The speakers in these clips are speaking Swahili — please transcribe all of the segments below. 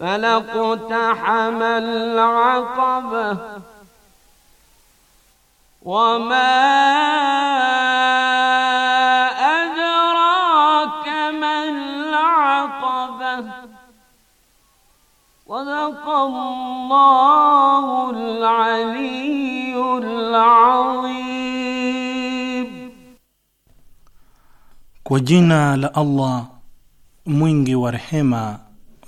فلقتحم العقبة وما أدراك ما العقبة صدق الله العلي العظيم وجنا لألله la ورحمه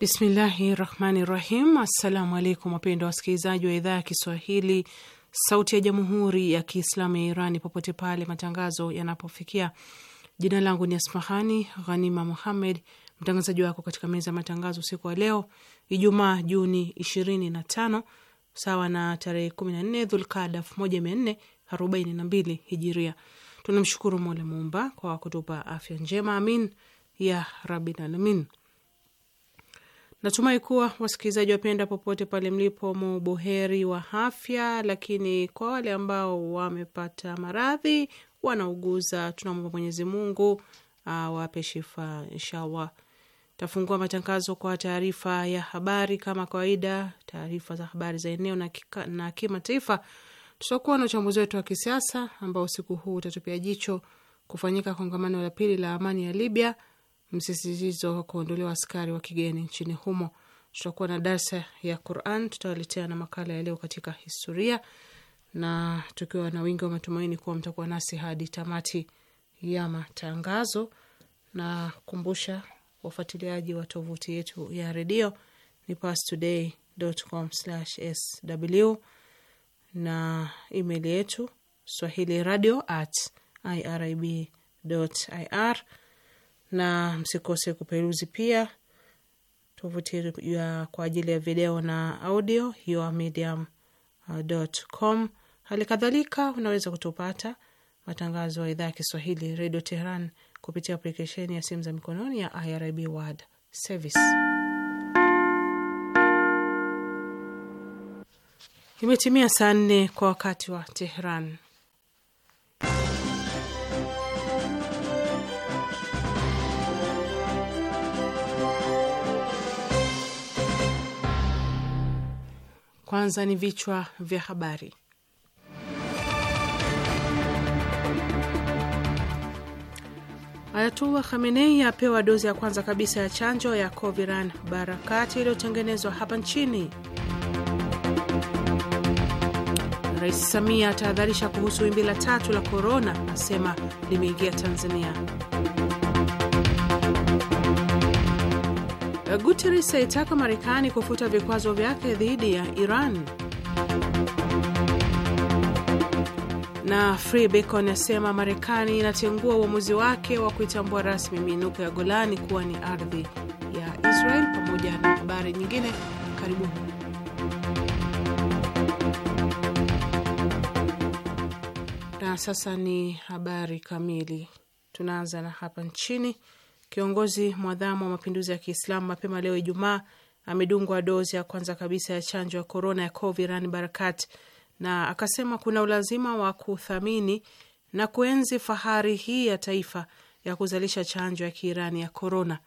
Bismillahi rahmani rahim. Assalamu alaikum wa wasikilizaji wa idhaa ya Kiswahili sauti ya jamhuri ya Kiislamu ya Irani popote pale matangazo yanapofikia. Jina langu ni Asmahani Ghanima Muhammed, mtangazaji wako katika meza ya matangazo usiku wa leo Ijumaa Juni 25 sawa na tarehe 14 Dhulkada 1442 Hijiria. Tunamshukuru Mola Muumba kwa kutupa afya njema, amin ya rabbil alamin. Natumai kuwa wasikilizaji wapenda, popote pale mlipo, muboheri wa afya. Lakini kwa wale ambao wamepata maradhi, wanauguza, tunamwomba Mwenyezi Mungu ah, awape shifa inshallah. Tafungua matangazo kwa taarifa ya habari kama kawaida, taarifa za habari za eneo na, kimataifa. Tutakuwa na uchambuzi wetu wa kisiasa ambao usiku huu utatupia jicho kufanyika kongamano la pili la amani ya Libya msisitizo wa kuondolewa askari wa kigeni nchini humo. Tutakuwa na darsa ya Quran, tutawaletea na makala ya leo katika historia, na tukiwa na wingi wa matumaini kuwa mtakuwa nasi hadi tamati ya matangazo. Na kumbusha wafuatiliaji wa tovuti yetu ya redio ni pastoday.com/sw na email yetu swahili radio at irib.ir na msikose kuperuzi pia tovuti ya kwa ajili ya video na audio yourmedium.com. Hali kadhalika unaweza kutupata matangazo ya idhaa ya Kiswahili redio Teheran kupitia aplikesheni ya simu za mikononi ya IRIB World Service. Imetimia saa nne kwa wakati wa Teheran. Kwanza ni vichwa vya habari. Ayatullah Khamenei apewa dozi ya kwanza kabisa ya chanjo ya Coviran Barakati iliyotengenezwa hapa nchini. Rais Samia atahadharisha kuhusu wimbi la tatu la korona, asema limeingia Tanzania. Guteres aitaka Marekani kufuta vikwazo vyake dhidi ya Iran. Na Free Bacon asema Marekani inatengua uamuzi wake wa kuitambua rasmi miinuko ya Golani kuwa ni ardhi ya Israel, pamoja na habari nyingine. Karibuni. Na sasa ni habari kamili. Tunaanza na hapa nchini. Kiongozi mwadhamu wa mapinduzi ya Kiislamu mapema leo Ijumaa amedungwa dozi ya kwanza kabisa ya chanjo ya korona ya Coviran yaani Barakat na akasema kuna ulazima wa kuthamini na kuenzi fahari hii ya taifa ya kuzalisha chanjo ya Kiirani ya korona.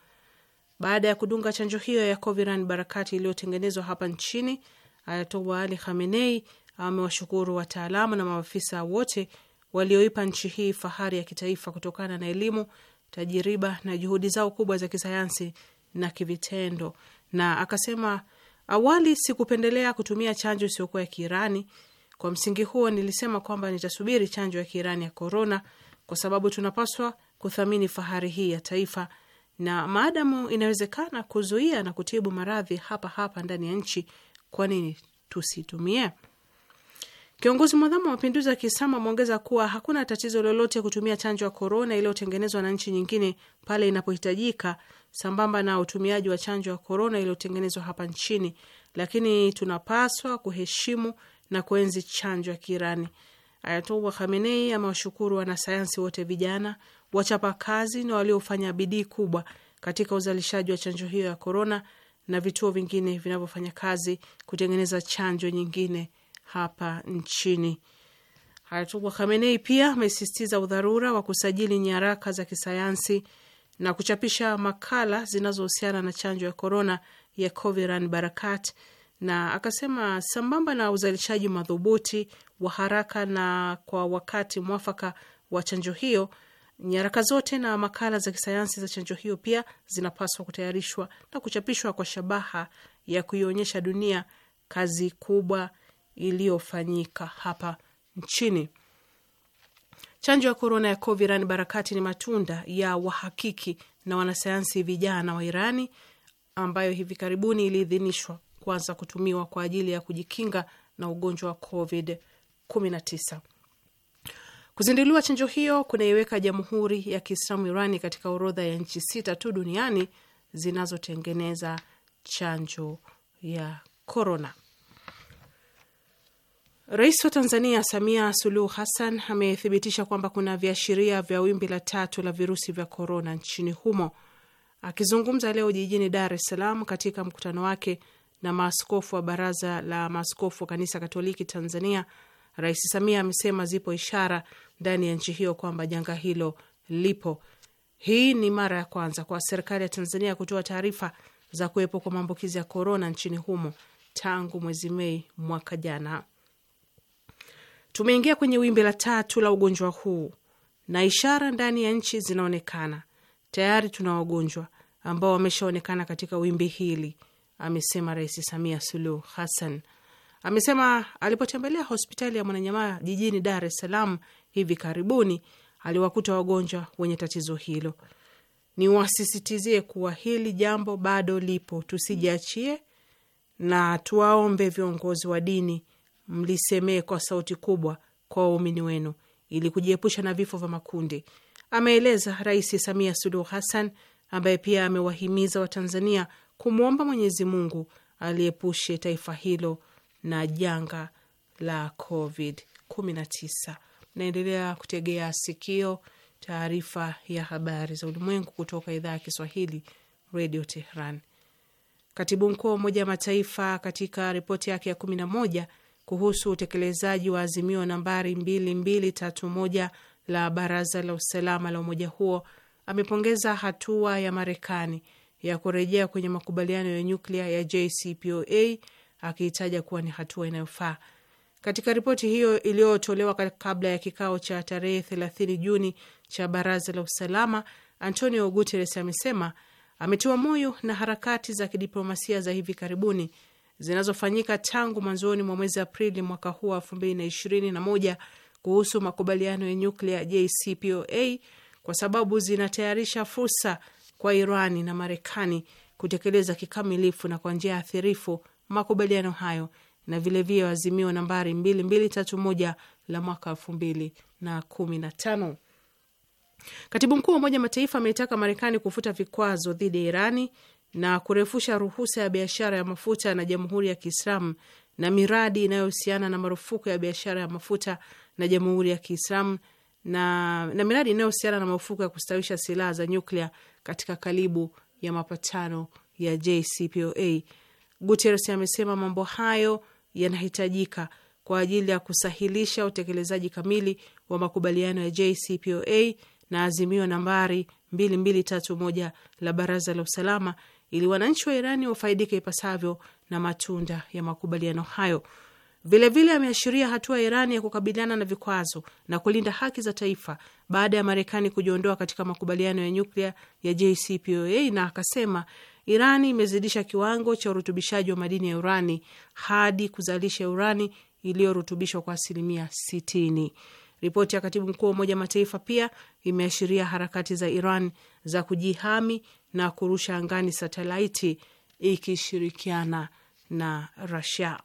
Baada ya kudunga chanjo hiyo ya Coviran yaani Barakati iliyotengenezwa hapa nchini, Ayatowa Ali Khamenei amewashukuru wataalamu na maafisa wote walioipa nchi hii fahari ya kitaifa kutokana na elimu tajiriba na juhudi zao kubwa za kisayansi na kivitendo, na akasema awali sikupendelea kutumia chanjo isiyokuwa ya Kiirani. Kwa msingi huo, nilisema kwamba nitasubiri chanjo ya Kiirani ya korona, kwa sababu tunapaswa kuthamini fahari hii ya taifa, na maadamu inawezekana kuzuia na kutibu maradhi hapa hapa ndani ya nchi, kwa nini tusitumie? Kiongozi mwadhamu wa mapinduzi ya Kiislamu ameongeza kuwa hakuna tatizo lolote kutumia chanjo ya korona iliyotengenezwa na nchi nyingine pale inapohitajika, sambamba na utumiaji wa chanjo ya korona iliyotengenezwa hapa nchini, lakini tunapaswa kuheshimu na kuenzi chanjo ya Kiirani. Ayatollah Khamenei amewashukuru wanasayansi wote vijana, kazi na waliofanya bidii kubwa katika uzalishaji wa chanjo hiyo ya korona na vituo vingine vinavyofanya kazi kutengeneza chanjo nyingine hapa nchini. Ayatullah Khamenei pia amesisitiza udharura wa kusajili nyaraka za kisayansi na kuchapisha makala zinazohusiana na chanjo ya korona ya Coviran Barakat, na akasema sambamba na uzalishaji madhubuti wa haraka na kwa wakati mwafaka wa chanjo hiyo, nyaraka zote na makala za kisayansi za chanjo hiyo pia zinapaswa kutayarishwa na kuchapishwa kwa shabaha ya kuionyesha dunia kazi kubwa iliyofanyika hapa nchini. Chanjo ya korona ya Coviran Barakati ni matunda ya wahakiki na wanasayansi vijana wa Irani ambayo hivi karibuni iliidhinishwa kuanza kutumiwa kwa ajili ya kujikinga na ugonjwa wa Covid 19. Kuzinduliwa chanjo hiyo kunaiweka Jamhuri ya Kiislamu Irani katika orodha ya nchi sita tu duniani zinazotengeneza chanjo ya korona. Rais wa Tanzania Samia Suluhu Hassan amethibitisha kwamba kuna viashiria vya wimbi la tatu la virusi vya korona nchini humo. Akizungumza leo jijini Dar es Salaam katika mkutano wake na maaskofu wa Baraza la Maaskofu wa Kanisa Katoliki Tanzania, Rais Samia amesema zipo ishara ndani ya nchi hiyo kwamba janga hilo lipo. Hii ni mara ya kwanza kwa serikali ya Tanzania kutoa taarifa za kuwepo kwa maambukizi ya korona nchini humo tangu mwezi Mei mwaka jana. Tumeingia kwenye wimbi la tatu la ugonjwa huu na ishara ndani ya nchi zinaonekana. Tayari tuna wagonjwa ambao wameshaonekana katika wimbi hili, amesema Rais Samia Suluhu Hassan. Amesema alipotembelea hospitali ya Mwananyamaa jijini Dar es Salaam hivi karibuni aliwakuta wagonjwa wenye tatizo hilo. Niwasisitizie kuwa hili jambo bado lipo, tusijiachie, na tuwaombe viongozi wa dini mlisemee kwa sauti kubwa kwa waumini wenu ili kujiepusha na vifo vya makundi, ameeleza Rais Samia Suluhu Hassan, ambaye pia amewahimiza Watanzania kumwomba Mwenyezi Mungu aliepushe taifa hilo na janga la Covid 19. Naendelea kutegea sikio taarifa ya habari za ulimwengu kutoka idhaa ya Kiswahili, Radio Tehran. Katibu mkuu wa Umoja wa Mataifa katika ripoti yake ya kumi na moja kuhusu utekelezaji wa azimio nambari 2231 la Baraza la Usalama la umoja huo amepongeza hatua ya Marekani ya kurejea kwenye makubaliano ya nyuklia ya JCPOA akiitaja kuwa ni hatua inayofaa. Katika ripoti hiyo iliyotolewa kabla ya kikao cha tarehe 30 Juni cha Baraza la Usalama, Antonio Guterres amesema ametiwa moyo na harakati za kidiplomasia za hivi karibuni zinazofanyika tangu mwanzoni mwa mwezi Aprili mwaka huu wa elfu mbili na ishirini na moja kuhusu makubaliano ya nyuklia JCPOA kwa sababu zinatayarisha fursa kwa Irani na Marekani kutekeleza kikamilifu na kwa njia ya athirifu makubaliano hayo na vilevile azimio nambari 2231 la mwaka 2015. Katibu mkuu wa Umoja Mataifa ameitaka Marekani kufuta vikwazo dhidi ya Irani na kurefusha ruhusa ya biashara ya mafuta na Jamhuri ya Kiislamu na miradi inayohusiana na marufuku ya biashara ya mafuta na Jamhuri ya Kiislamu na, na miradi inayohusiana na marufuku ya kustawisha silaha za nyuklia katika kalibu ya mapatano ya JCPOA. Guterres amesema mambo hayo yanahitajika kwa ajili ya kusahilisha utekelezaji kamili wa makubaliano ya JCPOA na azimio nambari 2231 la Baraza la Usalama ili wananchi wa Irani wafaidike ipasavyo na matunda ya makubaliano hayo. Vilevile ameashiria hatua ya Irani ya kukabiliana na vikwazo na kulinda haki za taifa baada ya Marekani kujiondoa katika makubaliano ya nyuklia ya JCPOA, na akasema Irani imezidisha kiwango cha urutubishaji wa madini ya urani hadi kuzalisha urani iliyorutubishwa kwa asilimia 60. Ripoti ya katibu mkuu wa Umoja Mataifa pia imeashiria harakati za Iran za kujihami na kurusha angani satelaiti ikishirikiana na Rasia.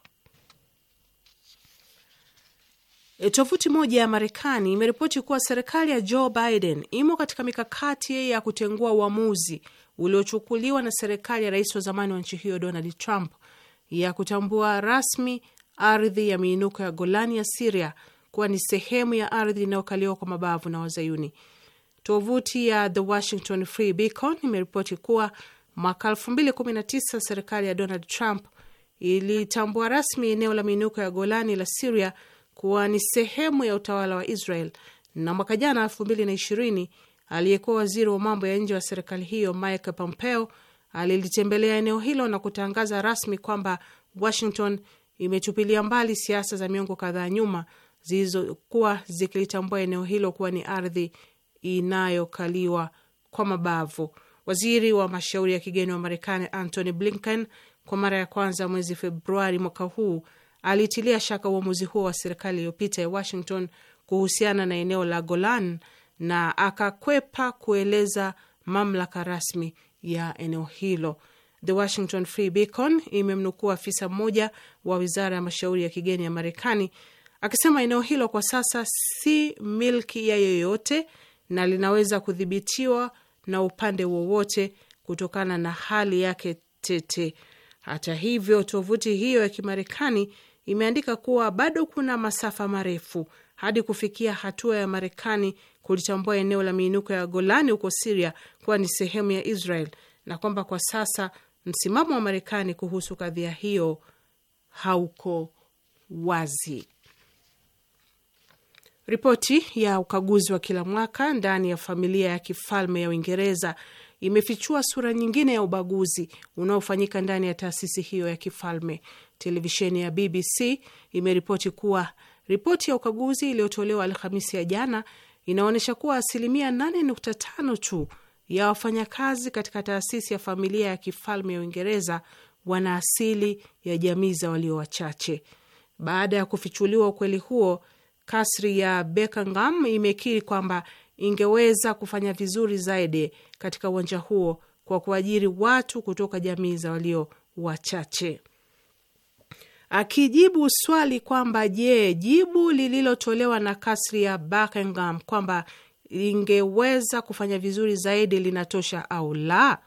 E, tovuti moja ya Marekani imeripoti kuwa serikali ya Joe Biden imo katika mikakati ya kutengua uamuzi uliochukuliwa na serikali ya rais wa zamani wa nchi hiyo Donald Trump ya kutambua rasmi ardhi ya miinuko ya Golani ya Siria kuwa ni sehemu ya ardhi inayokaliwa kwa mabavu na Wazayuni. Tovuti ya The Washington Free Beacon imeripoti kuwa mwaka 2019 serikali ya Donald Trump ilitambua rasmi eneo la miinuko ya Golani la Siria kuwa ni sehemu ya utawala wa Israel, na mwaka jana 2020 aliyekuwa waziri wa mambo ya nje wa serikali hiyo Mike Pompeo alilitembelea eneo hilo na kutangaza rasmi kwamba Washington imetupilia mbali siasa za miongo kadhaa nyuma zilizokuwa zikilitambua eneo hilo kuwa ni ardhi inayokaliwa kwa mabavu. Waziri wa mashauri ya kigeni wa Marekani Antony Blinken kwa mara ya kwanza mwezi Februari mwaka huu alitilia shaka uamuzi huo wa serikali iliyopita ya Washington kuhusiana na eneo la Golan na akakwepa kueleza mamlaka rasmi ya eneo hilo. The Washington Free Beacon imemnukuu afisa mmoja wa wizara ya mashauri ya kigeni ya Marekani akisema eneo hilo kwa sasa si milki ya yoyote na linaweza kudhibitiwa na upande wowote kutokana na hali yake tete. Hata hivyo, tovuti hiyo ya Kimarekani imeandika kuwa bado kuna masafa marefu hadi kufikia hatua ya Marekani kulitambua eneo la miinuko ya Golani huko Siria kuwa ni sehemu ya Israel na kwamba kwa sasa msimamo wa Marekani kuhusu kadhia hiyo hauko wazi. Ripoti ya ukaguzi wa kila mwaka ndani ya familia ya kifalme ya Uingereza imefichua sura nyingine ya ubaguzi unaofanyika ndani ya taasisi hiyo ya kifalme. Televisheni ya BBC imeripoti kuwa ripoti ya ukaguzi iliyotolewa Alhamisi ya jana inaonyesha kuwa asilimia 8.5 tu ya wafanyakazi katika taasisi ya familia ya kifalme ya Uingereza wana asili ya jamii za walio wachache. Baada ya kufichuliwa ukweli huo, Kasri ya Buckingham imekiri kwamba ingeweza kufanya vizuri zaidi katika uwanja huo kwa kuajiri watu kutoka jamii za walio wachache. Akijibu swali kwamba je, jibu lililotolewa na kasri ya Buckingham kwamba ingeweza kufanya vizuri zaidi linatosha au la,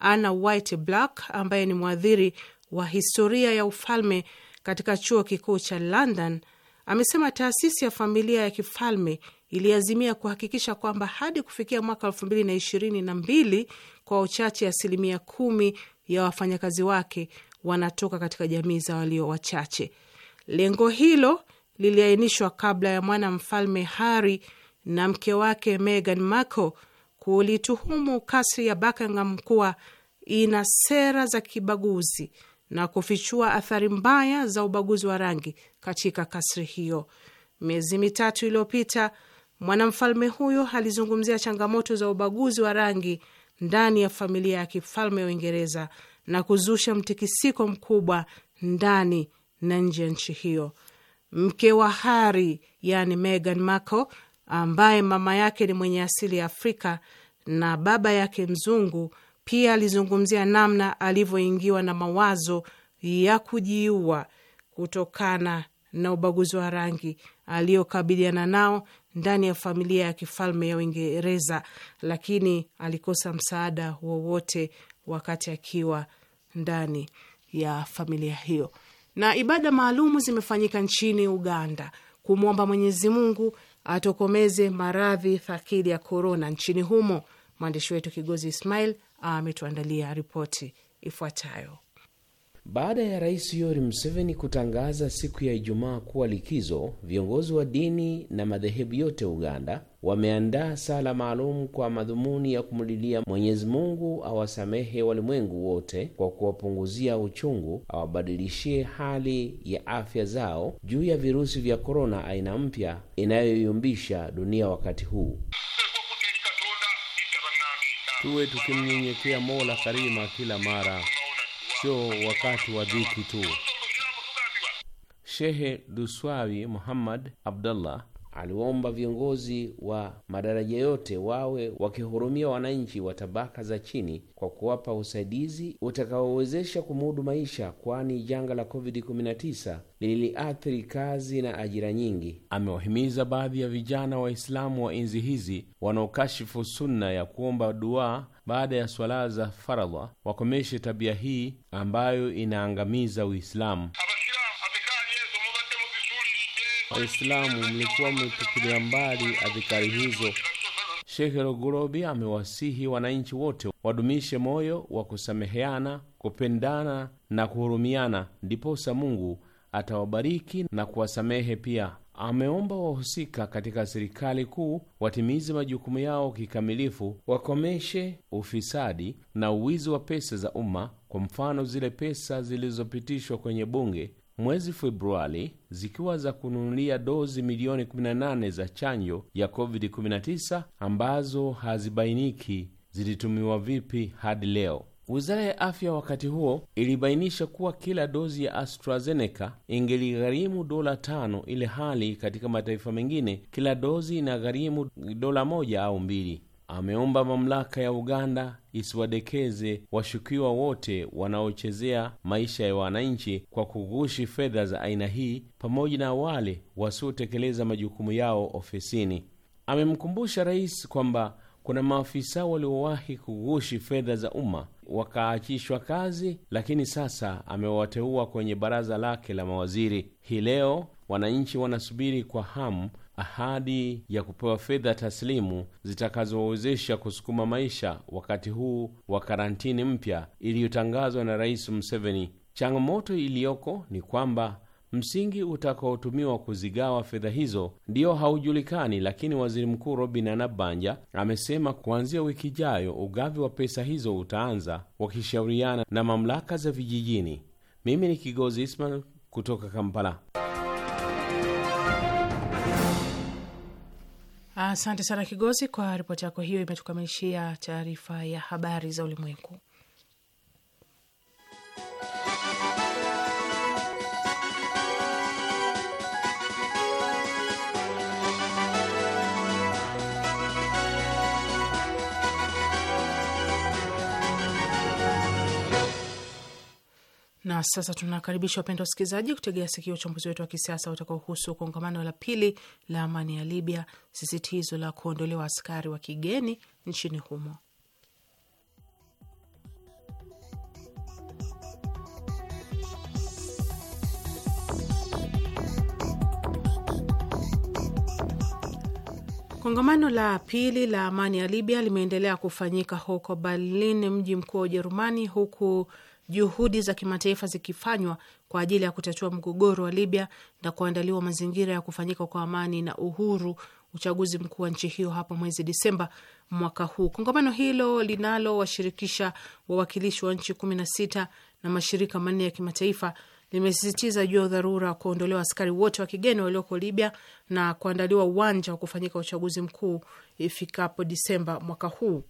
Anna black ambaye ni mwadhiri wa historia ya ufalme katika chuo kikuu cha London amesema taasisi ya familia ya kifalme iliazimia kuhakikisha kwamba hadi kufikia mwaka elfu mbili na ishirini na mbili kwa uchache asilimia kumi ya wafanyakazi wake wanatoka katika jamii za walio wachache. Lengo hilo liliainishwa kabla ya mwana mfalme Harry na mke wake Meghan Markle kulituhumu kasri ya Buckingham kuwa ina sera za kibaguzi na kufichua athari mbaya za ubaguzi wa rangi katika kasri hiyo. Miezi mitatu iliyopita, mwanamfalme huyo alizungumzia changamoto za ubaguzi wa rangi ndani ya familia ya kifalme ya Uingereza na kuzusha mtikisiko mkubwa ndani na nje ya nchi hiyo. Mke wa Harry, yani Meghan Markle, ambaye mama yake ni mwenye asili ya Afrika na baba yake mzungu pia alizungumzia namna alivyoingiwa na mawazo ya kujiua kutokana na ubaguzi wa rangi aliyokabiliana nao ndani ya familia ya kifalme ya Uingereza, lakini alikosa msaada wowote wakati akiwa ndani ya familia hiyo. Na ibada maalumu zimefanyika nchini Uganda kumwomba Mwenyezi Mungu atokomeze maradhi thakili ya korona nchini humo. Mwandishi wetu Kigozi Ismail ametuandalia ripoti ifuatayo. Baada ya Rais Yoweri Museveni kutangaza siku ya Ijumaa kuwa likizo, viongozi wa dini na madhehebu yote Uganda wameandaa sala maalum kwa madhumuni ya kumlilia Mwenyezi Mungu awasamehe walimwengu wote kwa kuwapunguzia uchungu, awabadilishie hali ya afya zao juu ya virusi vya korona aina mpya inayoyumbisha dunia wakati huu tuwe tukimnyenyekea Mola Karima kila mara, sio wakati wa dhiki tu. Shehe Duswawi Muhammad Abdullah aliwaomba viongozi wa madaraja yote wawe wakihurumia wananchi wa tabaka za chini kwa kuwapa usaidizi utakaowezesha kumudu maisha, kwani janga la COVID-19 liliathiri kazi na ajira nyingi. Amewahimiza baadhi ya vijana Waislamu wa enzi hizi wanaokashifu sunna ya kuomba duaa baada ya swala za faradha wakomeshe tabia hii ambayo inaangamiza Uislamu. Waislamu mlikuwa mmetupilia mbali adhikari hizo. Shekhe Rogorobi amewasihi wananchi wote wadumishe moyo wa kusameheana, kupendana na kuhurumiana, ndiposa Mungu atawabariki na kuwasamehe pia. Ameomba wahusika katika serikali kuu watimize majukumu yao kikamilifu, wakomeshe ufisadi na uwizi wa pesa za umma, kwa mfano zile pesa zilizopitishwa kwenye bunge mwezi Februari zikiwa za kununulia dozi milioni 18 za chanjo ya COVID-19 ambazo hazibainiki zilitumiwa vipi hadi leo. Wizara ya afya wakati huo ilibainisha kuwa kila dozi ya AstraZeneca ingeligharimu dola tano, ile hali katika mataifa mengine kila dozi inagharimu dola moja au mbili ameomba mamlaka ya Uganda isiwadekeze washukiwa wote wanaochezea maisha ya wananchi kwa kughushi fedha za aina hii, pamoja na wale wasiotekeleza majukumu yao ofisini. Amemkumbusha rais kwamba kuna maafisa waliowahi kughushi fedha za umma wakaachishwa kazi, lakini sasa amewateua kwenye baraza lake la mawaziri. Hii leo wananchi wanasubiri kwa hamu ahadi ya kupewa fedha taslimu zitakazowezesha kusukuma maisha wakati huu wa karantini mpya iliyotangazwa na Rais Museveni. Changamoto iliyoko ni kwamba msingi utakaotumiwa kuzigawa fedha hizo ndiyo haujulikani, lakini waziri mkuu Robin Anabanja amesema kuanzia wiki ijayo ugavi wa pesa hizo utaanza wakishauriana na mamlaka za vijijini. Mimi ni Kigozi Ismail kutoka Kampala. Asante sana Kigozi kwa ripoti yako hiyo, imetukamilishia taarifa ya habari za ulimwengu. Na sasa tunakaribisha wapendwa wasikilizaji kutegea sikio uchambuzi wetu wa kisiasa utakaohusu kongamano la pili la amani ya Libya, sisitizo la kuondolewa askari wa kigeni nchini humo. Kongamano la pili la amani ya Libya limeendelea kufanyika huko Berlin, mji mkuu wa Ujerumani, huku juhudi za kimataifa zikifanywa kwa ajili ya kutatua mgogoro wa Libya na kuandaliwa mazingira ya kufanyika kwa amani na uhuru uchaguzi mkuu wa nchi hiyo hapo mwezi Disemba mwaka huu. Kongamano hilo linalowashirikisha wawakilishi wa nchi kumi na sita na mashirika manne ya kimataifa limesisitiza juu ya udharura wa kuondolewa askari wote wa kigeni walioko Libya na kuandaliwa uwanja wa kufanyika uchaguzi mkuu ifikapo Disemba mwaka huu.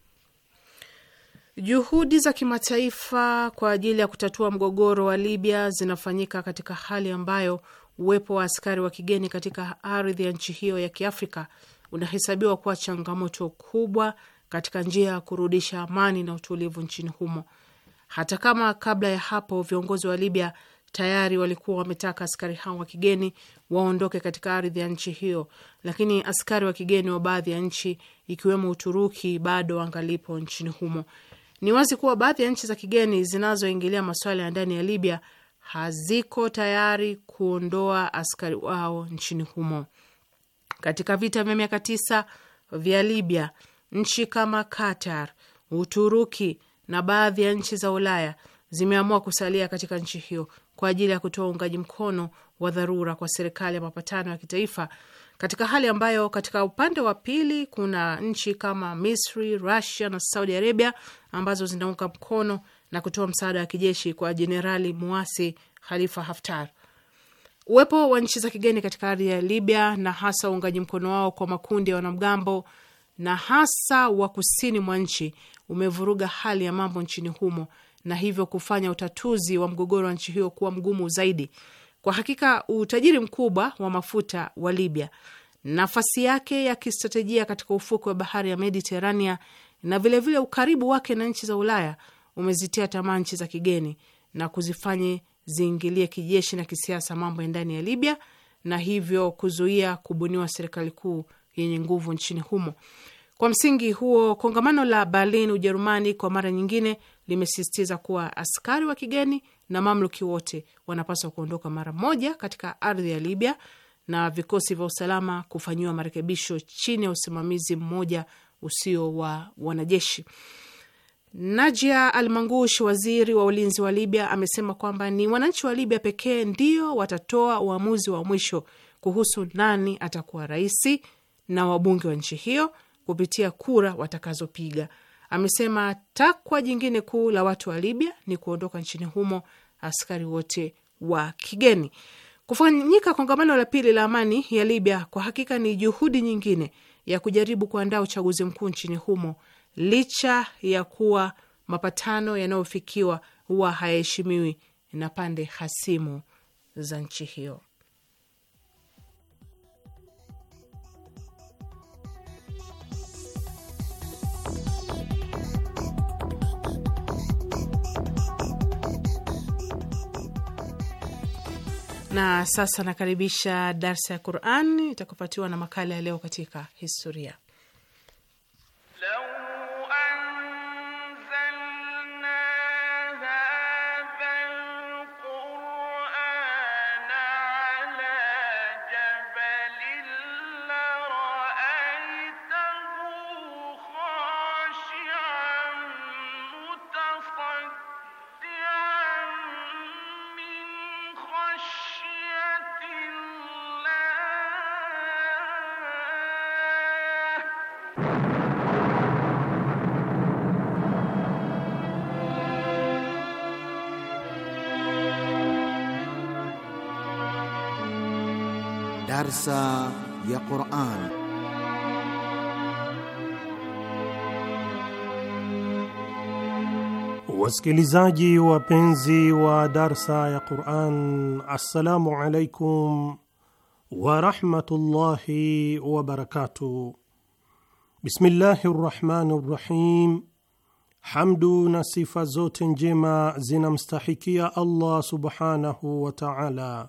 Juhudi za kimataifa kwa ajili ya kutatua mgogoro wa Libya zinafanyika katika hali ambayo uwepo wa askari wa kigeni katika ardhi ya nchi hiyo ya Kiafrika unahesabiwa kuwa changamoto kubwa katika njia ya kurudisha amani na utulivu nchini humo, hata kama kabla ya hapo viongozi wa Libya tayari walikuwa wametaka askari hao wa kigeni waondoke katika ardhi ya nchi hiyo, lakini askari wa kigeni wa baadhi ya nchi ikiwemo Uturuki bado wangalipo nchini humo. Ni wazi kuwa baadhi ya nchi za kigeni zinazoingilia masuala ya ndani ya Libya haziko tayari kuondoa askari wao nchini humo. Katika vita vya miaka tisa vya Libya, nchi kama Qatar, Uturuki na baadhi ya nchi za Ulaya zimeamua kusalia katika nchi hiyo kwa ajili ya kutoa uungaji mkono wa dharura kwa serikali ya mapatano ya kitaifa katika hali ambayo katika upande wa pili kuna nchi kama Misri, Rusia na Saudi Arabia ambazo zinaunga mkono na kutoa msaada wa kijeshi kwa jenerali muasi Khalifa Haftar. Uwepo wa nchi za kigeni katika ardhi ya Libya na hasa uungaji mkono wao kwa makundi ya wanamgambo na hasa wa kusini mwa nchi umevuruga hali ya mambo nchini humo na hivyo kufanya utatuzi wa mgogoro wa nchi hiyo kuwa mgumu zaidi kwa hakika utajiri mkubwa wa mafuta wa Libya, nafasi yake ya kistratejia katika ufuko wa bahari ya Mediterania na vilevile vile ukaribu wake na nchi za Ulaya umezitia tamaa nchi za kigeni na kuzifanye ziingilie kijeshi na kisiasa mambo ya ndani ya Libya na hivyo kuzuia kubuniwa serikali kuu yenye nguvu nchini humo. Kwa msingi huo, kongamano la Berlin, Ujerumani, kwa mara nyingine limesisitiza kuwa askari wa kigeni na mamluki wote wanapaswa kuondoka mara moja katika ardhi ya Libya na vikosi vya usalama kufanyiwa marekebisho chini ya usimamizi mmoja usio wa wanajeshi. Najia Almangush, waziri wa ulinzi wa Libya, amesema kwamba ni wananchi wa Libya pekee ndio watatoa uamuzi wa mwisho kuhusu nani atakuwa raisi na wabunge wa nchi hiyo kupitia kura watakazopiga. Amesema takwa jingine kuu la watu wa Libya ni kuondoka nchini humo askari wote wa kigeni. Kufanyika kongamano la pili la amani ya Libya kwa hakika ni juhudi nyingine ya kujaribu kuandaa uchaguzi mkuu nchini humo, licha ya kuwa mapatano yanayofikiwa huwa hayaheshimiwi na pande hasimu za nchi hiyo. Na sasa nakaribisha darsa ya Quran itakopatiwa na makala ya leo katika historia Darsa ya Quran. Wasikilizaji wapenzi wa darsa ya Quran, assalamu alaikum warahmatullahi wabarakatuh. Bismillahi rrahmani rrahim. Hamdu na sifa zote njema zinamstahikia Allah subhanahu wa taala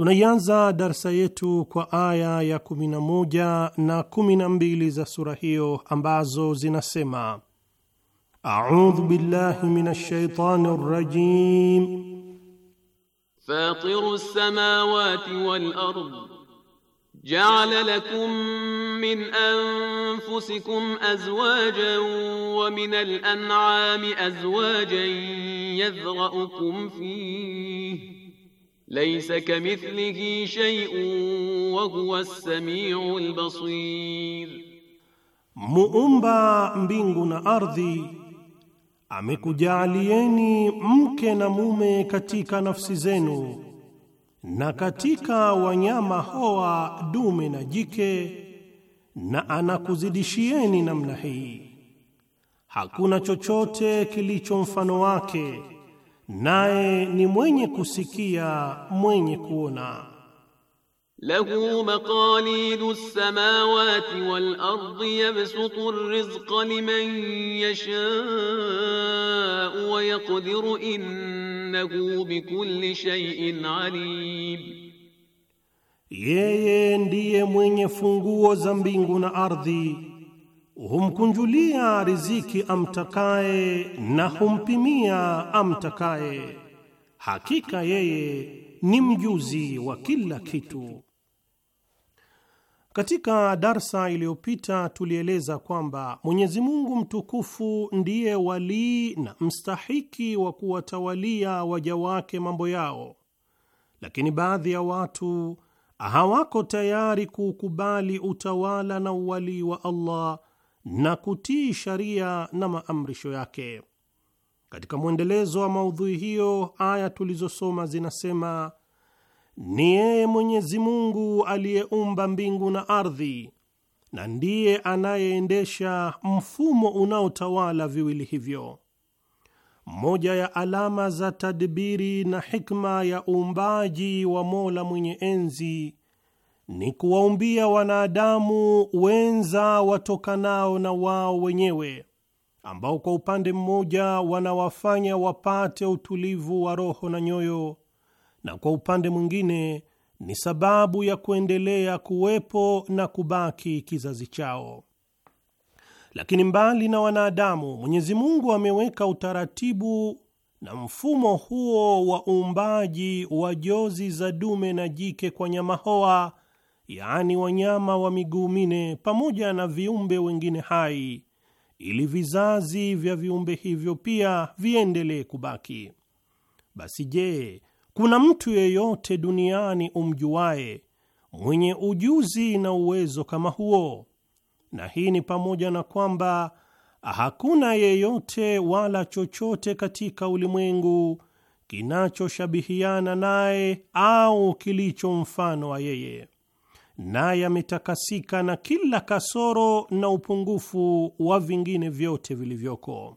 Tunaianza darsa yetu kwa aya ya 11 na 12 za sura hiyo ambazo zinasema: audhu billahi minash shaitani rrajim fatiru samawati wal ardh Jaala lakum min anfusikum azwajan wa min al-an'ami azwajan yadhra'ukum fihi Laysa kamithlihi shay'un wa huwa as-sami'ul basir, muumba mbingu na ardhi amekujaalieni mke na mume katika nafsi zenu na katika wanyama hoa dume na jike, na anakuzidishieni namna hii, hakuna chochote kilicho mfano wake naye ni mwenye kusikia mwenye kuona. lahu maqalidu samawati wal ardi yabsutu rizqa liman yashau wa yaqdiru innahu bikulli shay'in alim, yeye ndiye mwenye funguo za mbingu na ardhi humkunjulia riziki amtakaye na humpimia amtakaye, hakika yeye ni mjuzi wa kila kitu. Katika darsa iliyopita tulieleza kwamba Mwenyezi Mungu mtukufu ndiye walii na mstahiki wa kuwatawalia waja wake mambo yao, lakini baadhi ya watu hawako tayari kuukubali utawala na uwalii wa Allah na kutii sharia na maamrisho yake. Katika mwendelezo wa maudhui hiyo, aya tulizosoma zinasema ni yeye Mwenyezi Mungu aliyeumba mbingu na ardhi na ndiye anayeendesha mfumo unaotawala viwili hivyo. Moja ya alama za tadbiri na hikma ya uumbaji wa Mola mwenye enzi ni kuwaumbia wanadamu wenza watokanao na wao wenyewe, ambao kwa upande mmoja wanawafanya wapate utulivu wa roho na nyoyo, na kwa upande mwingine ni sababu ya kuendelea kuwepo na kubaki kizazi chao. Lakini mbali na wanadamu, Mwenyezi Mungu ameweka utaratibu na mfumo huo wa uumbaji wa jozi za dume na jike kwa nyamahoa yaani wanyama wa miguu minne pamoja na viumbe wengine hai, ili vizazi vya viumbe hivyo pia viendelee kubaki. Basi je, kuna mtu yeyote duniani umjuaye mwenye ujuzi na uwezo kama huo? Na hii ni pamoja na kwamba hakuna yeyote wala chochote katika ulimwengu kinachoshabihiana naye au kilicho mfano wa yeye na yametakasika na kila kasoro na upungufu wa vingine vyote vilivyoko.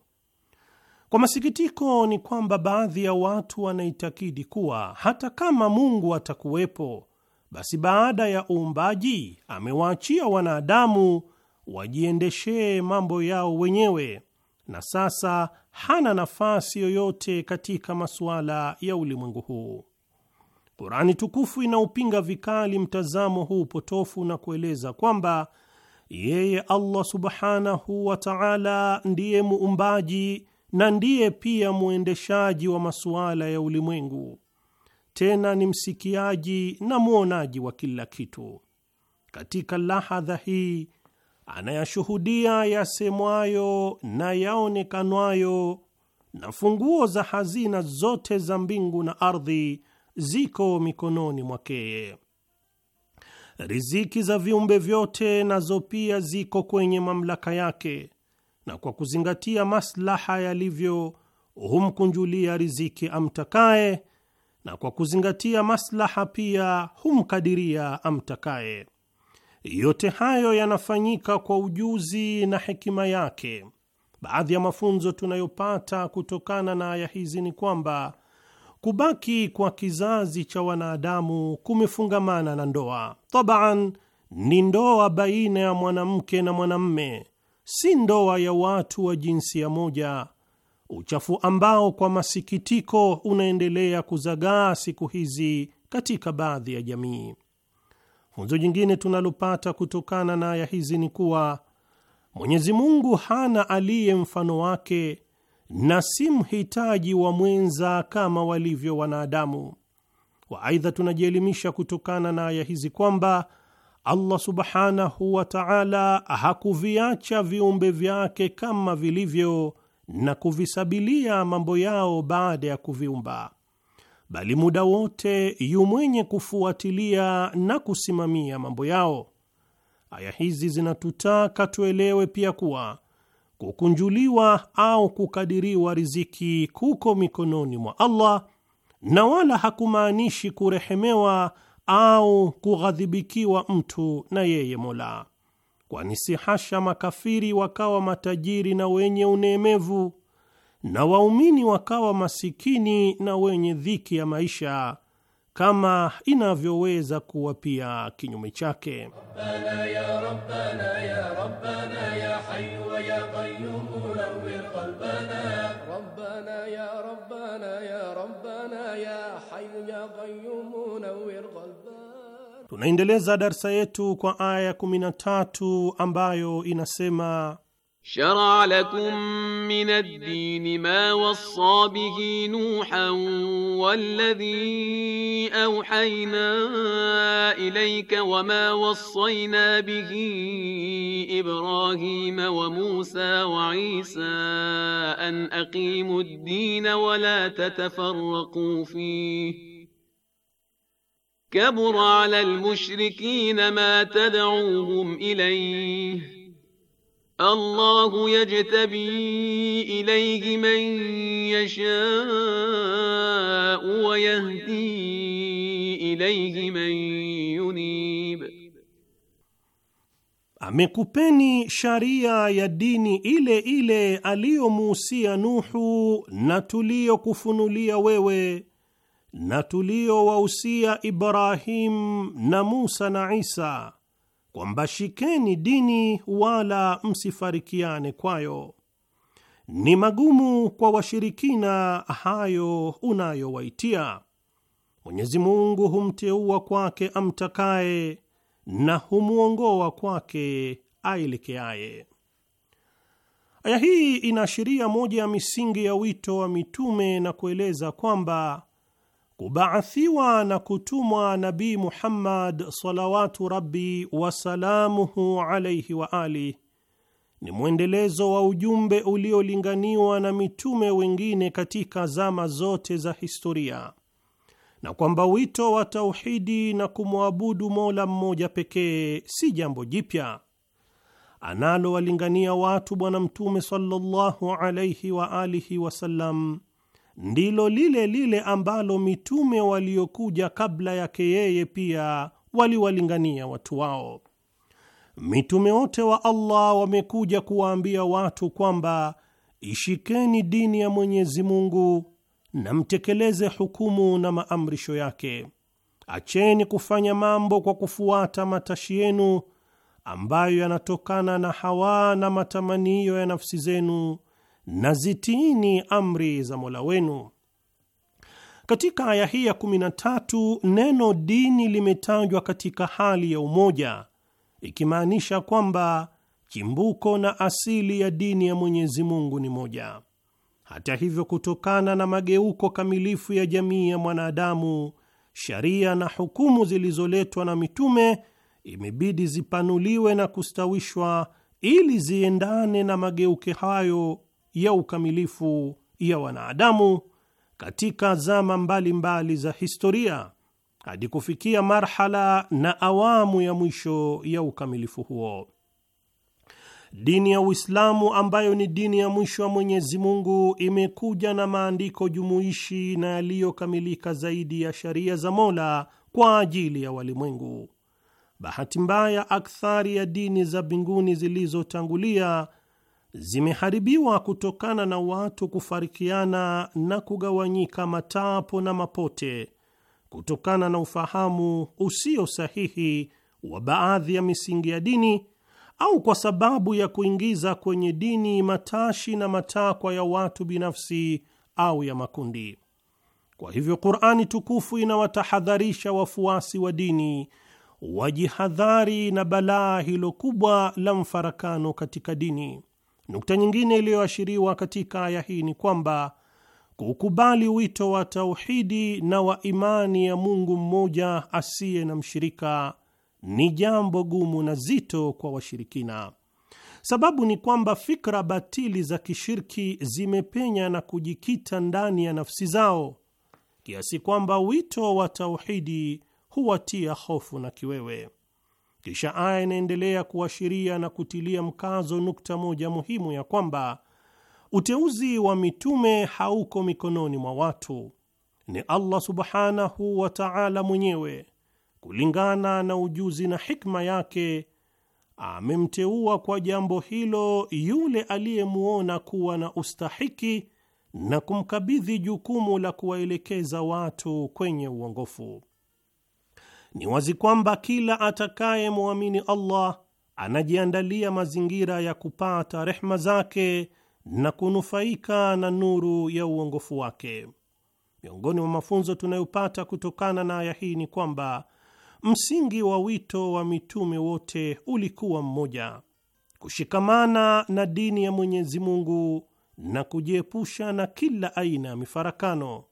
Kwa masikitiko ni kwamba baadhi ya watu wanaitakidi kuwa hata kama Mungu atakuwepo, basi baada ya uumbaji amewaachia wanadamu wajiendeshee mambo yao wenyewe, na sasa hana nafasi yoyote katika masuala ya ulimwengu huu. Kurani tukufu inaupinga vikali mtazamo huu potofu na kueleza kwamba yeye Allah subhanahu wa ta'ala ndiye muumbaji na ndiye pia mwendeshaji wa masuala ya ulimwengu, tena ni msikiaji na mwonaji wa kila kitu. Katika lahadha hii anayashuhudia yasemwayo na yaonekanwayo na funguo za hazina zote za mbingu na ardhi ziko mikononi mwake yeye. Riziki za viumbe vyote nazo pia ziko kwenye mamlaka yake, na kwa kuzingatia maslaha yalivyo humkunjulia riziki amtakaye, na kwa kuzingatia maslaha pia humkadiria amtakaye. Yote hayo yanafanyika kwa ujuzi na hekima yake. Baadhi ya mafunzo tunayopata kutokana na aya hizi ni kwamba kubaki kwa kizazi cha wanadamu kumefungamana na ndoa. Tabaan ni ndoa baina ya mwanamke na mwanamme, si ndoa ya watu wa jinsia moja, uchafu ambao kwa masikitiko unaendelea kuzagaa siku hizi katika baadhi ya jamii. Funzo jingine tunalopata kutokana na aya hizi ni kuwa Mwenyezi Mungu hana aliye mfano wake na si mhitaji wa mwenza kama walivyo wanadamu. wa Aidha, tunajielimisha kutokana na aya hizi kwamba Allah subhanahu wa ta'ala hakuviacha viumbe vyake kama vilivyo na kuvisabilia mambo yao baada ya kuviumba, bali muda wote yu mwenye kufuatilia na kusimamia mambo yao. Aya hizi zinatutaka tuelewe pia kuwa kukunjuliwa au kukadiriwa riziki kuko mikononi mwa Allah na wala hakumaanishi kurehemewa au kughadhibikiwa mtu na yeye Mola, kwani si hasha makafiri wakawa matajiri na wenye uneemevu na waumini wakawa masikini na wenye dhiki ya maisha kama inavyoweza kuwa pia kinyume chake. Tunaendeleza darsa yetu kwa aya 13 ambayo inasema شرع لكم من الدين ما وصى به نوحا والذي اوحينا اليك وما وصينا به ابراهيم وموسى وعيسى ان اقيموا الدين ولا تتفرقوا فيه كبر على المشركين ما تدعوهم اليه Allahu yajtabi ilayhi man yashau wa yahdi ilayhi man yunib, amekupeni sharia ya dini ile ile aliyomuusia Nuhu na tuliyokufunulia wewe na tuliyowausia Ibrahim na Musa na Isa kwamba shikeni dini wala msifarikiane kwayo. Ni magumu kwa washirikina hayo unayowaitia. Mwenyezi Mungu humteua kwake amtakaye na humwongoa kwake aelekeaye. Aya hii inaashiria moja ya misingi ya wito wa mitume na kueleza kwamba kubaathiwa na kutumwa nabi Muhammad salawatu rabi wasalamuhu alaihi wa ali ni mwendelezo wa ujumbe uliolinganiwa na mitume wengine katika zama zote za historia, na kwamba wito wa tauhidi na kumwabudu Mola mmoja pekee si jambo jipya analowalingania watu Bwana Mtume sallallahu alaihi wa alihi wasallam ndilo lile lile ambalo mitume waliokuja kabla yake yeye pia waliwalingania watu wao. Mitume wote wa Allah wamekuja kuwaambia watu kwamba ishikeni dini ya Mwenyezi Mungu na mtekeleze hukumu na maamrisho yake. Acheni kufanya mambo kwa kufuata matashi yenu ambayo yanatokana na hawa na matamanio ya nafsi zenu na zitiini amri za Mola wenu. Katika aya hii ya 13 neno dini limetajwa katika hali ya umoja, ikimaanisha kwamba chimbuko na asili ya dini ya Mwenyezi Mungu ni moja. Hata hivyo, kutokana na mageuko kamilifu ya jamii ya mwanadamu, sharia na hukumu zilizoletwa na mitume imebidi zipanuliwe na kustawishwa ili ziendane na mageuke hayo ya ukamilifu ya wanadamu katika zama mbalimbali mbali za historia hadi kufikia marhala na awamu ya mwisho ya ukamilifu huo. Dini ya Uislamu ambayo ni dini ya mwisho ya Mwenyezi Mungu imekuja na maandiko jumuishi na yaliyokamilika zaidi ya sharia za Mola kwa ajili ya walimwengu. Bahati mbaya, akthari ya dini za mbinguni zilizotangulia zimeharibiwa kutokana na watu kufarikiana na kugawanyika matapo na mapote kutokana na ufahamu usio sahihi wa baadhi ya misingi ya dini au kwa sababu ya kuingiza kwenye dini matashi na matakwa ya watu binafsi au ya makundi. Kwa hivyo, Qur'ani tukufu inawatahadharisha wafuasi wa dini wajihadhari na balaa hilo kubwa la mfarakano katika dini. Nukta nyingine iliyoashiriwa katika aya hii ni kwamba kukubali wito wa tauhidi na wa imani ya Mungu mmoja asiye na mshirika ni jambo gumu na zito kwa washirikina. Sababu ni kwamba fikra batili za kishirki zimepenya na kujikita ndani ya nafsi zao kiasi kwamba wito wa tauhidi huwatia hofu na kiwewe. Kisha aya inaendelea kuashiria na kutilia mkazo nukta moja muhimu ya kwamba uteuzi wa mitume hauko mikononi mwa watu, ni Allah subhanahu wa ta'ala mwenyewe kulingana na ujuzi na hikma yake amemteua kwa jambo hilo yule aliyemuona kuwa na ustahiki na kumkabidhi jukumu la kuwaelekeza watu kwenye uongofu ni wazi kwamba kila atakayemwamini Allah anajiandalia mazingira ya kupata rehma zake na kunufaika na nuru ya uongofu wake. Miongoni mwa mafunzo tunayopata kutokana na aya hii ni kwamba msingi wa wito wa mitume wote ulikuwa mmoja: kushikamana na dini ya Mwenyezi Mungu na kujiepusha na kila aina ya mifarakano.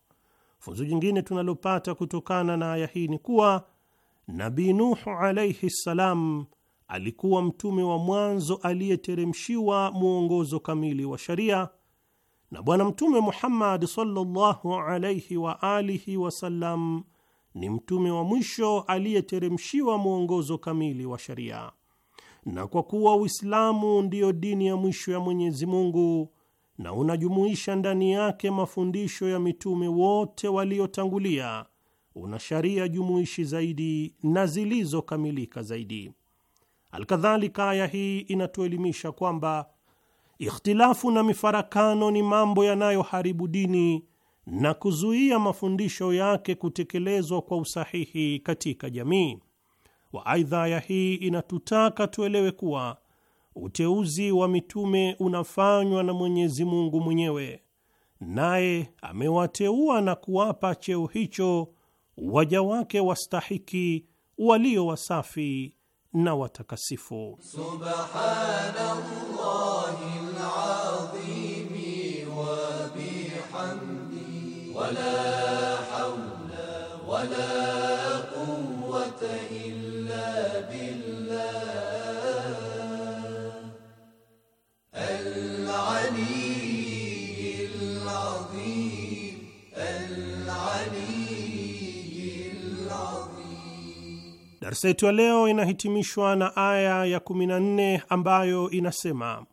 Funzo jingine tunalopata kutokana na aya hii ni kuwa Nabii Nuhu alaihi ssalam alikuwa mtume wa mwanzo aliyeteremshiwa mwongozo kamili wa sharia, na Bwana Mtume Muhammad sallallahu alaihi wa alihi wasallam ni mtume wa mwisho aliyeteremshiwa mwongozo kamili wa sharia. Na kwa kuwa Uislamu ndiyo dini ya mwisho ya Mwenyezi Mungu na unajumuisha ndani yake mafundisho ya mitume wote waliotangulia una sharia jumuishi zaidi na zilizokamilika zaidi. Alkadhalika, aya hii inatuelimisha kwamba ikhtilafu na mifarakano ni mambo yanayoharibu dini na kuzuia mafundisho yake kutekelezwa kwa usahihi katika jamii. wa Aidha, aya hii inatutaka tuelewe kuwa uteuzi wa mitume unafanywa na Mwenyezi Mungu mwenyewe, naye amewateua na kuwapa cheo hicho waja wake wastahiki walio wasafi na watakasifu. Subhanallah. Darsa yetu ya leo inahitimishwa na aya ya 14 ambayo inasema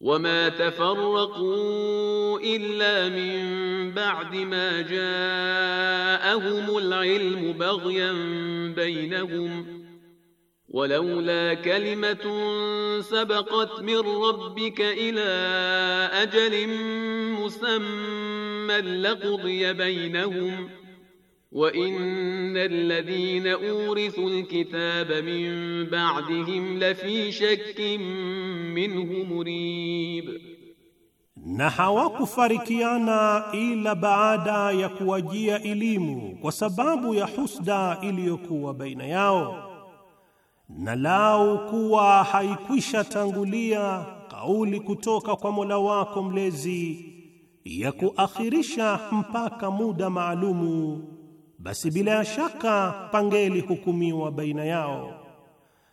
وما تفرقوا إلا من بعد ما جاءهم العلم بغيا بينهم ولولا كلمة سبقت من ربك إلى أجل مسمى لقضي بينهم ۖ وإن الذين urithu الكتاب من بعدهم لفي شك منه مريب na hawakufarikiana ila baada ya kuwajia elimu kwa sababu ya husda iliyokuwa baina yao, na lau kuwa haikwisha tangulia kauli kutoka kwa Mola wako mlezi ya kuakhirisha mpaka muda maalumu basi bila ya shaka pangelihukumiwa baina yao,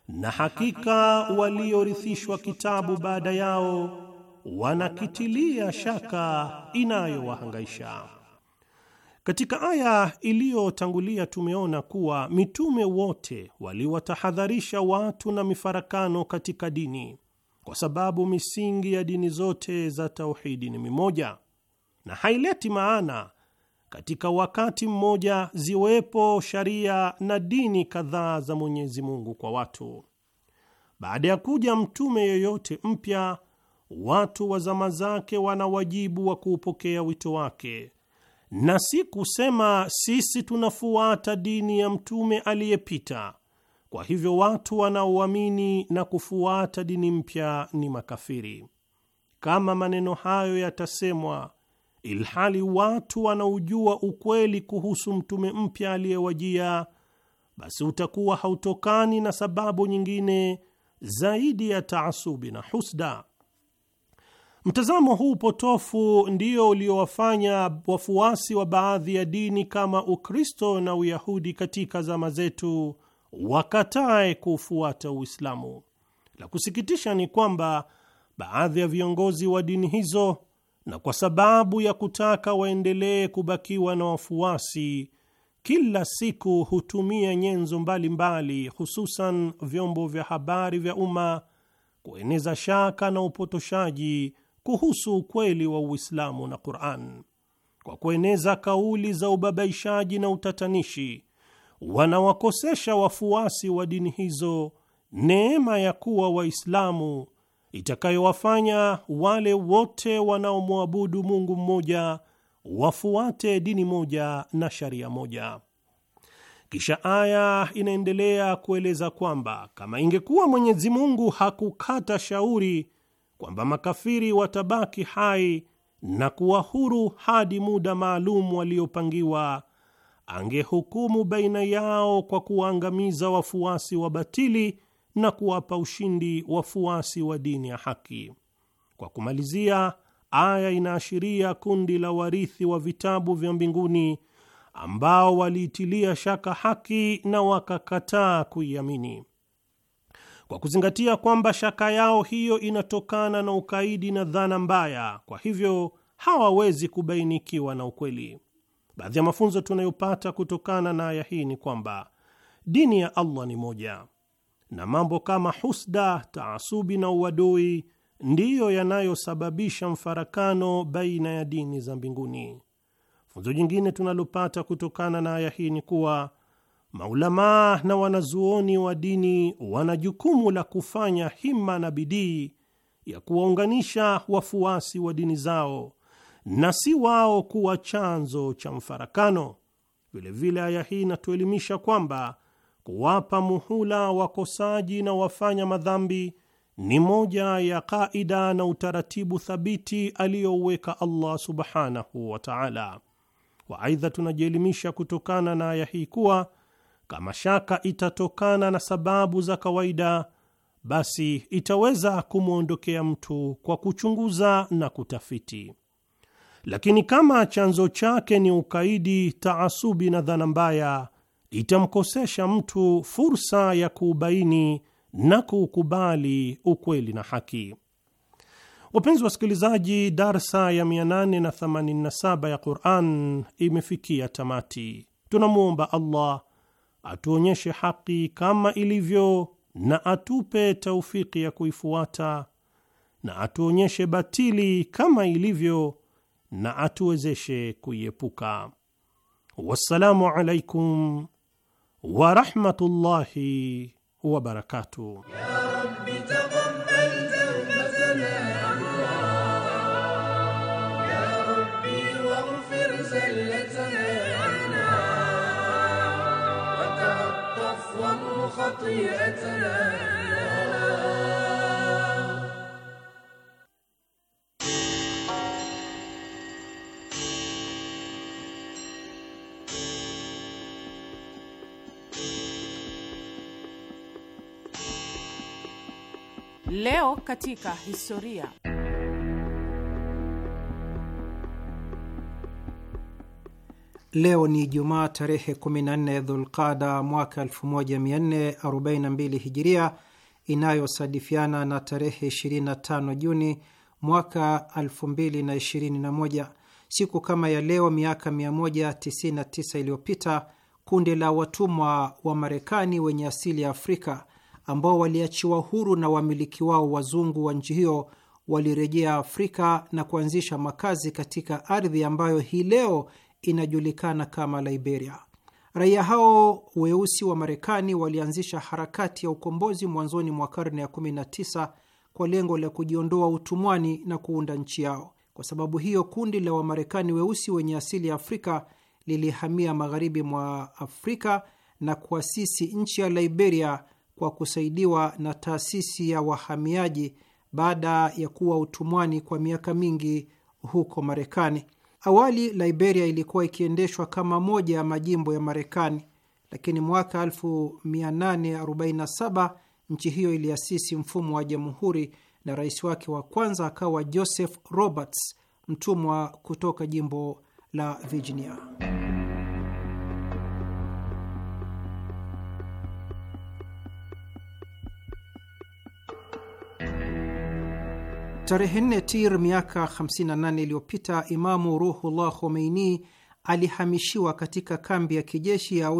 na hakika waliorithishwa kitabu baada yao wanakitilia shaka inayowahangaisha. Katika aya iliyotangulia tumeona kuwa mitume wote waliwatahadharisha watu na mifarakano katika dini, kwa sababu misingi ya dini zote za tauhidi ni mimoja na haileti maana katika wakati mmoja ziwepo sharia na dini kadhaa za Mwenyezi Mungu kwa watu. Baada ya kuja mtume yoyote mpya, watu wa zama zake wana wajibu wa kuupokea wito wake, na si kusema sisi tunafuata dini ya mtume aliyepita, kwa hivyo watu wanaoamini na kufuata dini mpya ni makafiri. Kama maneno hayo yatasemwa ilhali watu wanaojua ukweli kuhusu mtume mpya aliyewajia, basi utakuwa hautokani na sababu nyingine zaidi ya taasubi na husda. Mtazamo huu potofu ndio uliowafanya wafuasi wa baadhi ya dini kama Ukristo na Uyahudi katika zama zetu wakatae kuufuata Uislamu. La kusikitisha ni kwamba baadhi ya viongozi wa dini hizo na kwa sababu ya kutaka waendelee kubakiwa na wafuasi, kila siku hutumia nyenzo mbalimbali mbali, hususan vyombo vya habari vya umma kueneza shaka na upotoshaji kuhusu ukweli wa Uislamu na Qur'an. Kwa kueneza kauli za ubabaishaji na utatanishi, wanawakosesha wafuasi wa dini hizo neema ya kuwa Waislamu itakayowafanya wale wote wanaomwabudu Mungu mmoja wafuate dini moja na sharia moja. Kisha aya inaendelea kueleza kwamba kama ingekuwa Mwenyezi Mungu hakukata shauri kwamba makafiri watabaki hai na kuwa huru hadi muda maalum waliopangiwa, angehukumu baina yao kwa kuwaangamiza wafuasi wa batili na kuwapa ushindi wafuasi wa dini ya haki. Kwa kumalizia, aya inaashiria kundi la warithi wa vitabu vya mbinguni ambao waliitilia shaka haki na wakakataa kuiamini. Kwa kuzingatia kwamba shaka yao hiyo inatokana na ukaidi na dhana mbaya, kwa hivyo hawawezi kubainikiwa na ukweli. Baadhi ya mafunzo tunayopata kutokana na aya hii ni kwamba dini ya Allah ni moja na mambo kama husda, taasubi na uadui ndiyo yanayosababisha mfarakano baina ya dini za mbinguni. Funzo jingine tunalopata kutokana na aya hii ni kuwa maulamaa na wanazuoni wa dini wana jukumu la kufanya hima na bidii ya kuwaunganisha wafuasi wa dini zao na si wao kuwa chanzo cha mfarakano. Vilevile aya hii inatuelimisha kwamba kuwapa muhula wakosaji na wafanya madhambi ni moja ya kaida na utaratibu thabiti aliyouweka Allah subhanahu wa ta'ala. Wa aidha, tunajielimisha kutokana na aya hii kuwa kama shaka itatokana na sababu za kawaida, basi itaweza kumwondokea mtu kwa kuchunguza na kutafiti, lakini kama chanzo chake ni ukaidi, taasubi na dhana mbaya itamkosesha mtu fursa ya kuubaini na kuukubali ukweli na haki. Wapenzi wasikilizaji, darsa ya 887 ya Quran imefikia tamati. Tunamwomba Allah atuonyeshe haki kama ilivyo na atupe taufiki ya kuifuata na atuonyeshe batili kama ilivyo na atuwezeshe kuiepuka. Wassalamu alaikum ورحمة الله وبركاته يا تقبل توبتنا يا ربي واغفر خطيئتنا Leo katika historia. Leo ni Jumaa tarehe 14 Dhulqada mwaka 1442 Hijiria, inayosadifiana na tarehe 25 Juni mwaka 2021. Siku kama ya leo miaka 199 iliyopita kundi la watumwa wa Marekani wenye asili ya Afrika ambao waliachiwa huru na wamiliki wao wazungu wa nchi hiyo walirejea Afrika na kuanzisha makazi katika ardhi ambayo hii leo inajulikana kama Liberia. Raia hao weusi wa Marekani walianzisha harakati ya ukombozi mwanzoni mwa karne ya 19 kwa lengo la kujiondoa utumwani na kuunda nchi yao. Kwa sababu hiyo, kundi la Wamarekani weusi wenye asili ya Afrika lilihamia magharibi mwa Afrika na kuasisi nchi ya Liberia kwa kusaidiwa na taasisi ya wahamiaji baada ya kuwa utumwani kwa miaka mingi huko Marekani. Awali Liberia ilikuwa ikiendeshwa kama moja ya majimbo ya Marekani, lakini mwaka 1847 nchi hiyo iliasisi mfumo wa jamhuri na rais wake wa kwanza akawa Joseph Roberts, mtumwa kutoka jimbo la Virginia. Tarehe nne Tir miaka 58 iliyopita Imamu Ruhullah Khomeini alihamishiwa katika kambi ya kijeshi ya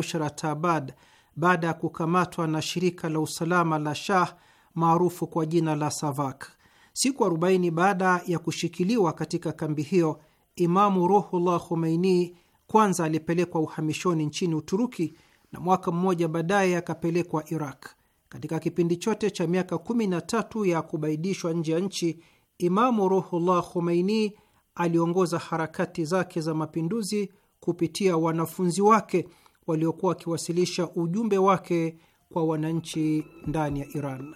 abad baada ya kukamatwa na shirika la usalama la Shah maarufu kwa jina la SAVAK. Siku 40 baada ya kushikiliwa katika kambi hiyo, Imamu Ruhullah Khomeini kwanza alipelekwa uhamishoni nchini Uturuki na mwaka mmoja baadaye akapelekwa Iraq. Katika kipindi chote cha miaka 13 ya kubaidishwa nje ya nchi Imamu Ruhullah Khomeini aliongoza harakati zake za mapinduzi kupitia wanafunzi wake waliokuwa wakiwasilisha ujumbe wake kwa wananchi ndani ya Iran.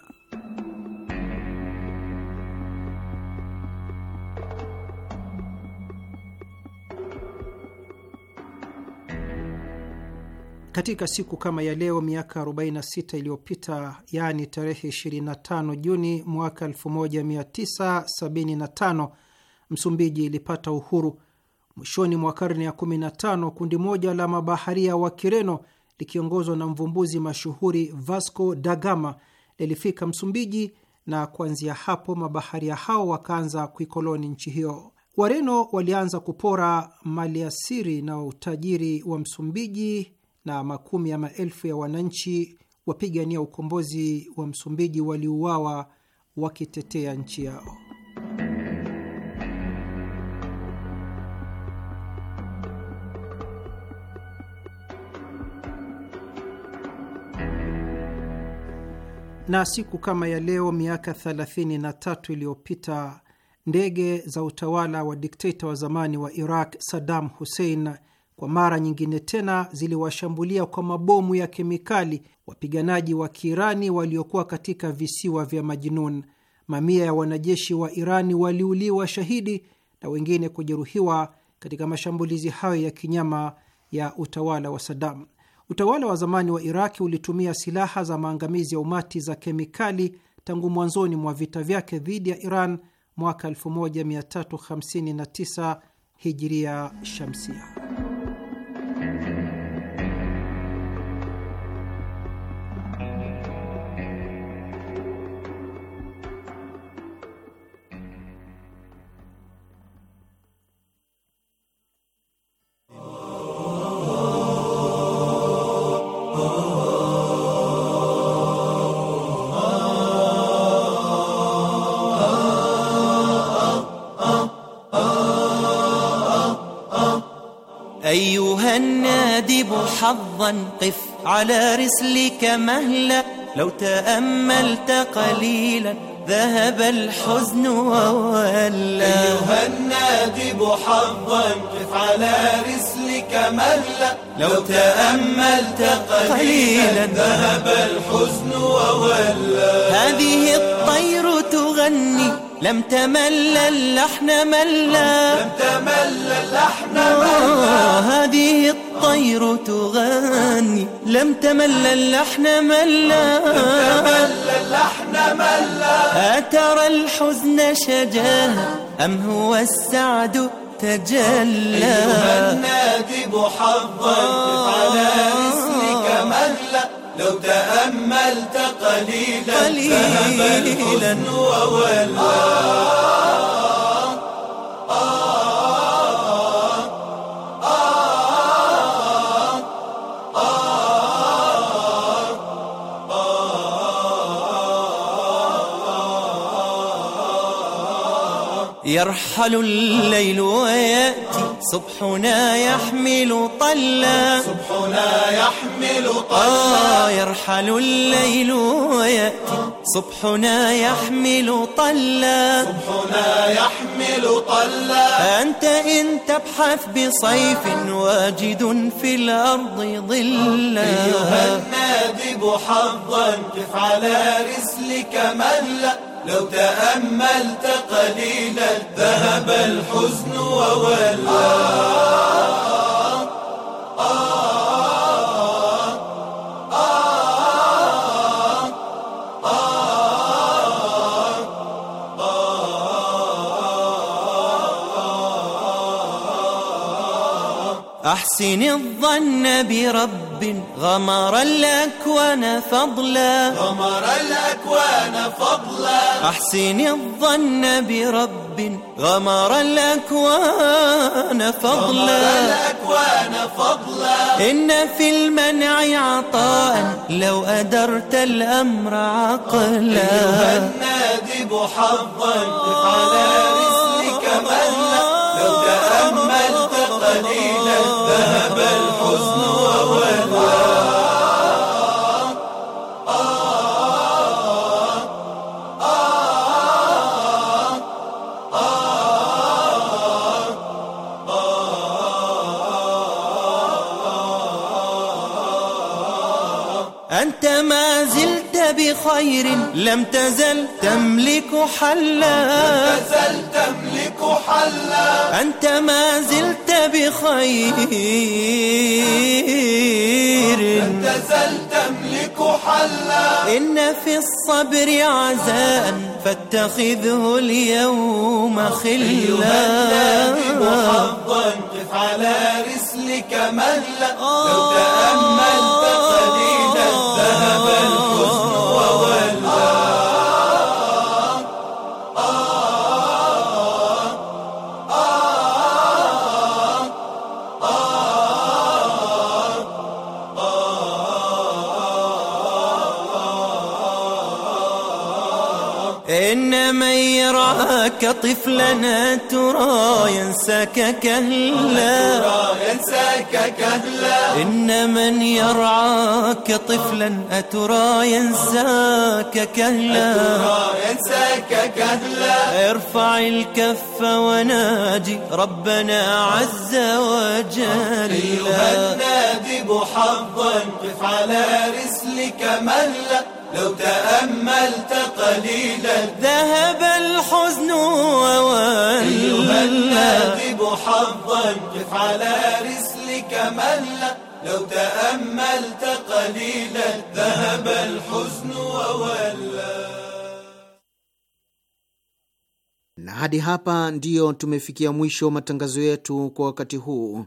Katika siku kama ya leo miaka 46 iliyopita, yaani tarehe 25 Juni mwaka 1975, Msumbiji ilipata uhuru. Mwishoni mwa karne ya 15, kundi moja la mabaharia wa Kireno likiongozwa na mvumbuzi mashuhuri Vasco da Gama lilifika Msumbiji, na kuanzia hapo mabaharia hao wakaanza kuikoloni nchi hiyo. Wareno walianza kupora maliasiri na utajiri wa Msumbiji na makumi ya maelfu ya wananchi wapigania ukombozi wa Msumbiji waliuawa wakitetea nchi yao. Na siku kama ya leo miaka 33 iliyopita ndege za utawala wa dikteta wa zamani wa Iraq Saddam Hussein kwa mara nyingine tena ziliwashambulia kwa mabomu ya kemikali wapiganaji wa Kiirani waliokuwa katika visiwa vya Majinun. Mamia ya wanajeshi wa Irani waliuliwa shahidi na wengine kujeruhiwa katika mashambulizi hayo ya kinyama ya utawala wa Sadam. Utawala wa zamani wa Iraki ulitumia silaha za maangamizi ya umati za kemikali tangu mwanzoni mwa vita vyake dhidi ya Iran mwaka 1359 hijiria shamsia. حظا قف على رسلك مهلا لو تأملت قليلا ذهب الحزن وولى أيها الناجب حظا قف على رسلك مهلا لو تأملت قليلا ذهب الحزن وولى هذه الطير تغني لم تمل اللحن ملا لم تمل اللحن ملا هذه الطير تغني لم تمل اللحن ملا لم تمل اللحن ملا أترى الحزن شجاها أم هو السعد تجلى أيها النادب حظا على اسمك ملا لو تأمل قليلا ذهب الحزن والآه يرحل الليل ويأتي صبحنا يحمل طلا صبحنا يحمل طلا آه، يرحل الليل ويأتي صبحنا يحمل طلا صبحنا يحمل طلا أنت إن تبحث بصيف واجد في الأرض ظلا أيها النادب حظا قف على رسلك ملا لو تأملت قليلا ذهب الحزن وولى آه آه آه أحسن الظن بربك غمر الأكوان فضلا غمر الأكوان فضلا أحسن الظن برب غمر الأكوان فضلا غمر الأكوان فضلا إن في المنع عطاء لو أدرت الأمر عقلا أيها النادب حظا على رسالة خير لم تزل تملك حلا لم تزل تملك حلا أنت ما زلت بخير لم تزل تملك حلا إن في الصبر عزاء فاتخذه اليوم خلا أيها محظا قف على رسلك مهلا لو تأملت أراك طفلا ترى ينساك كهلا ينساك كهلا إن من يرعاك طفلا أترى ينساك كهلا ينساك كهلا ارفع الكف وناجي ربنا عز وجل أيها النادب حظا قف على رسلك ملا لو تأملت قليلا ذهب الحزن وولى أيها الناقب حظا قف على رسلك ملا لو تأملت قليلا ذهب الحزن وولى na hadi hapa ndiyo tumefikia mwisho matangazo yetu kwa wakati huu.